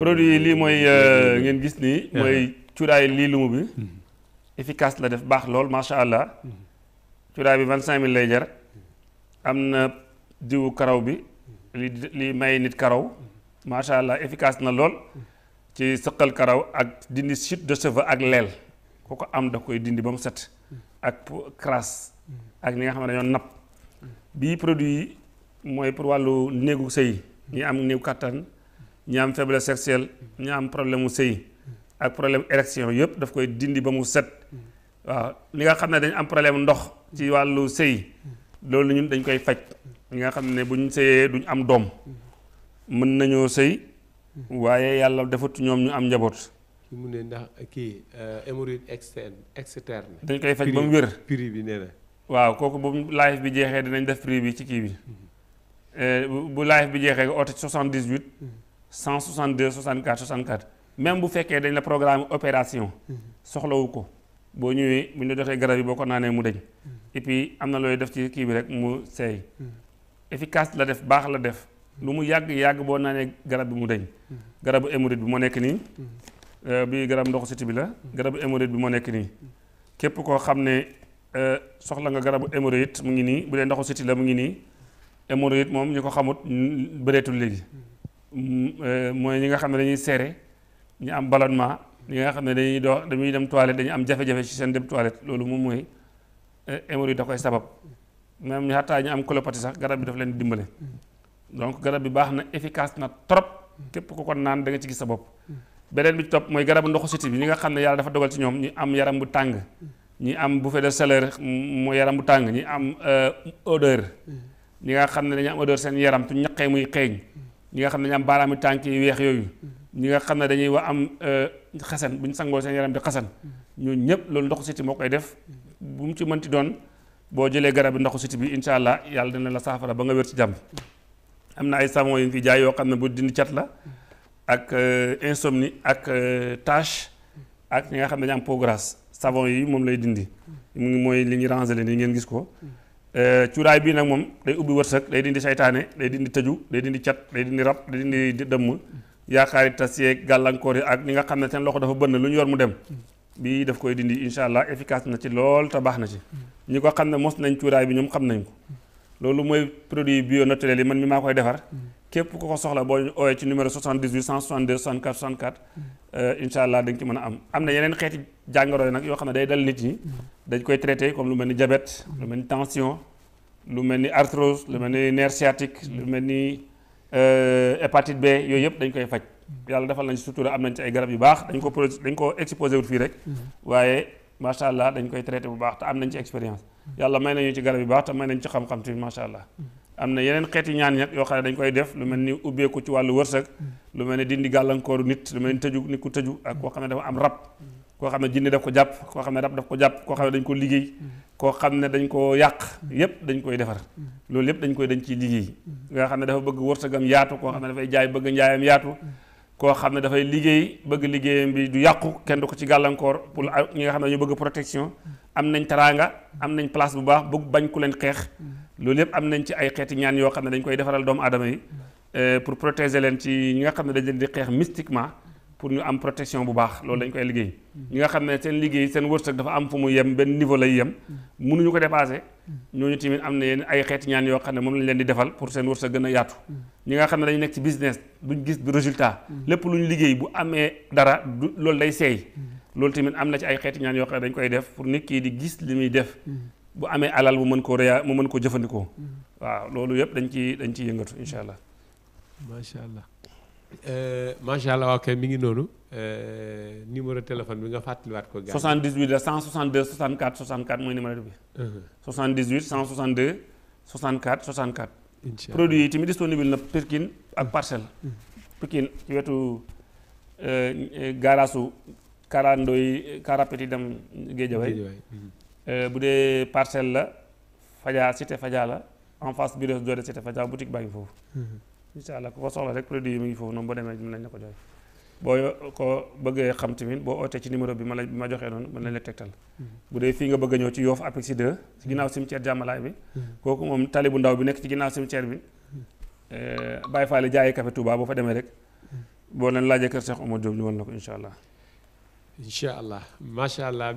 produit yi lii mooy euh, ngeen gis nii mooy cuuraay lii lumu bi mm-hmm. efficace la def baax lool macha allah mm-hmm. cuuraay bi vingt cinq mille lay jar mm-hmm. am na diwu karaw bi li may nit karaw macha allah efficace na lool ci sëqal karaw ak dindi site de cheveux ak leel ku ko am da koy dindi ba mu set ak crasse ak ñi nga xam ne dañoo napp bii produit yi mooy pour wàllu néegu sëy ñi am néegu kàttan ñi am faiblesse sexuelle ñi am problème mu sëy ak problème érection yëpp daf koy dindi ba mu set waaw li nga xam ne dañ am problème ndox ci wàllu sëy loolu ñun dañ koy faj ñi nga xam ne buñ sëyee duñ am doom mën nañoo sëy waaye yàlla defut ñoom ñu am njaboot. mu ndax kii euh, hémorroïde externe externe. dañ koy faj ba mu wér prix bi nee na. waaw kooku bu live bi jeexee dinañ def prix bi ci kii bi mm-hmm. euh, bu live bi jeexee nga oote 78. cent 162 64 64 même bu fekkee dañ la programme opération mhm. soxlawu ko boo ñëwee bu ñu la joxee garab yi boo ko naanee mu deñ mhm. et am na looy def ci kii bi rek mu seey mhm. efficace la def baax la def lu mu yàgg yàgg boo naanee garab bi mu deñ garabu hémorroïde bi mu nekk nii bi garab ndoxu siti bi la garabu hémorroïde bi moo nekk nii euh, képp koo xam ne euh, soxla nga garabu hémorroïde mu ngi nii bu dee ndoxu siti la mu ngi nii hémorroïde moom ñu ko xamut bëreetul léegi Mm, euh, mooy ñi nga xam ne dañuy serré ñu am ballonnement ñi nga xam ne dañuy doo dañuy dem toilette dañuy am jafe-jafe ci seen dem toilette loolu moom mooy euh, hémorroïde da koy sabab même ñu xataa ñu am colopathie sax garab bi daf leen dimbale donc garab bi baax na efficace na trop képp ku ko naan da ci gis sa bopp beneen bi ci mooy garabu ndoxu siti bi ñi nga xam ne yàlla dafa dogal ci ñoom ñu am yaram bu tàng ñi am bouffée de chaleur mooy yaram bu tàng ñi am euh, odeur ñi nga xam ne dañu am odeur seen yaram tu ñaqee muy xeeñ ñi nga xam ne dañu am baaraami tànk yi weex yooyu ñi nga xam ne dañuy wax am euh, xasan bu ñu sangoo seen yaram di xasan ñooñu ñëpp loolu ndoxu siti moo koy def bu mu ci mënti doon boo jëlee garab bi ndoxu siti bi incha allah yàlla na la saafara ba nga wér ci jàmm am na ay savon yu ñu fi jaay yoo xam ne bu dindi cat la ak euh, insomnie ak euh, tache ak ñi nga xam ne dañu am peau savon yi moom lay dindi mu mooy li ñu rangé ngeen gis ko Euh, cuuraay bii nag moom day ubbi wërsëg day dindi saytaane day dindi tëju day dindi cat day dindi rab day dindi dëmm yaakaari tas yeeg gàllankoor yi ak ñi nga xam ne seen loxo dafa bënn lu ñu yor mu dem bii daf koy dindi incha allah efficace na ci lool te baax na ci ñi ko xam ne mos nañ cuuraay bi ñoom xam nañ ko loolu mooy produit bio naturel yi man mi maa koy defar képp ku ko soxla boo oowee ci numéro 78 162 64 64 incha allah da ci mën a am am na yeneen xeeti jàngoro yi nag yoo xam ne day dal nit ñi dañ koy traité comme lu mel ni diabète lu mel ni tension lu mel ni arthrose lu mel ni nerf sciatique lu mel ni euh, hépatite B yooyu yëpp dañ koy faj yàlla defal nañ sutura am nañ ci ay garab yu baax dañ ko pro dañ ko exposé wul fii rek waaye macha allah dañ koy traité bu baax te am nañ ci expérience yàlla may nañu ci garab yu baax te may nañ ci xam-xam tamit macha am na yeneen xeeti ñaan nag yoo xam ne dañ koy def lu mel ni ubbeeku ci wàllu wërsëg lu mel ne dindi gàllankooru nit lu mel ni tëju nit ku tëju ak koo xam ne dafa am rab koo xam ne jinne daf ko jàpp koo xam ne rab daf ko jàpp koo xam ne dañ ko liggéey koo xam ne dañ ko yàq yépp dañ koy defar loolu yépp dañ koy dañ ciy liggéey nga xam ne dafa bëgg wërsëg am yaatu koo xam ne dafay jaay bëgg njaayam yaatu koo xam ne dafay liggéey bëgg liggéeyam bi du yàqu kenn du ko ci gàllankoor pour ñi nga xam ne ñu bëgg protection am nañ teraanga am nañ place bu baax bëgg bañ ku leen xeex loolu yëpp am nañ ci ay xeeti ñaan yoo xam ne dañ koy defaral doomu aadama yi euh, pour protéger leen ci ñi nga xam ne dañ leen di xeex mystiquement pour ñu am protection bu baax loolu lañ koy liggéey ñi nga xam ne seen liggéey seen wërsëg dafa am fu mu yem benn niveau lay yem mënuñu ko dépassé ñooñu tamit am na yenn ay xeeti ñaan yoo xam ne moom lañ leen di defal pour seen wërsëg gën a yaatu ñi nga xam ne dañu nekk ci business duñ gis du résultat lépp lu ñu liggéey bu amee dara du loolu day seey loolu tamit am na ci ay xeeti ñaan yoo xam ne dañ koy def pour nit kii di gis li muy def bu amee alal mu mën koo réya mu mën ko jëfandikoo waaw loolu yëpp dañ ci dañ ciy yëngatu incha allah macha allah euh, macha allah waaw kay mi ngi noonu euh, numéro téléphone bi nga fàttaliwaat ko. 78 la 162 64 64 mooy numéro bi. 78 162 64 64. incha allah produit yi tamit disponible na Pikine ak parcelle. Uh-huh. Pikine ci wetu euh, gaaraasu Kara Ndoye Kara Petit dem Guédiawaye. Uh-huh. Euh, bu dee parcelle la Fadia cité Fadia la en face bureau doore cité Fadia boutique baa ngi foofu. Hmm. incha allah ku ko soxla rek produit yi mu ngi foofu noonu boo demee mën nañ la ko xam tamit boo ootee ci numéro bi ma la ma joxee noonu mën nañ la tegtal. Hmm. bu dee fii nga bëgg a ñëw ci Yoff Apexi 2 ci hmm. ginnaaw cimetière jàmmalaay bi. kooku moom tali bu ndaw bi nekk ci ginnaaw cimetière bi. Euh, Baye Fall jaayee café boo fa demee rek. boo leen laajee kër Cheikh Omar Diop ñu wan la ko incha allah. incha allah.